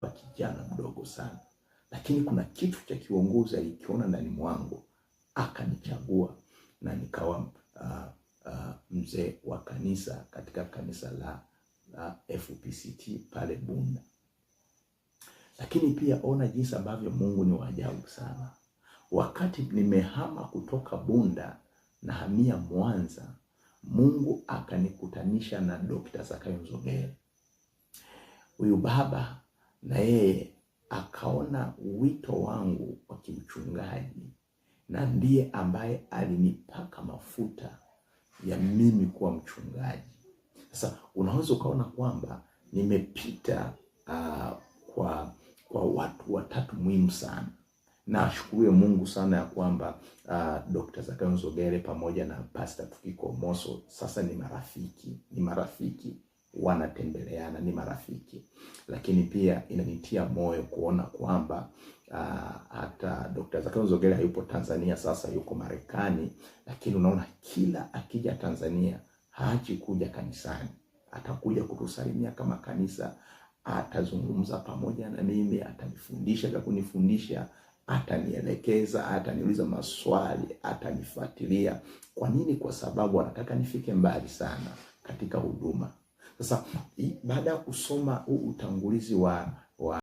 kwa kijana mdogo sana, lakini kuna kitu cha kiongozi alikiona ndani mwangu akanichagua na nikawa uh, uh, mzee wa kanisa katika kanisa la, la FPCT pale Bunda. Lakini pia ona jinsi ambavyo Mungu ni wajabu sana. Wakati nimehama kutoka Bunda na hamia Mwanza, Mungu akanikutanisha na Dr. Zakayo Mzogere. Huyu baba na yeye akaona wito wangu wa kimchungaji na ndiye ambaye alinipaka mafuta ya mimi kuwa mchungaji. Sasa unaweza ukaona kwamba nimepita uh, kwa kwa watu watatu muhimu sana, na ashukuriwe Mungu sana ya kwamba uh, ah, Dr. Zakayo Nzogere pamoja na Pastor Tukiko Moso sasa ni marafiki, ni marafiki wanatembeleana, ni marafiki. Lakini pia inanitia moyo kuona kwamba Uh, hata Dr. Zakayo hayupo Tanzania sasa, yuko Marekani, lakini unaona kila akija Tanzania haachi kuja kanisani, atakuja kutusalimia kama kanisa, atazungumza pamoja na mimi, atanifundisha vya kunifundisha, atanielekeza, ataniuliza maswali, atanifuatilia. Kwa nini? Kwa sababu anataka nifike mbali sana katika huduma. Sasa baada ya kusoma huu utangulizi wa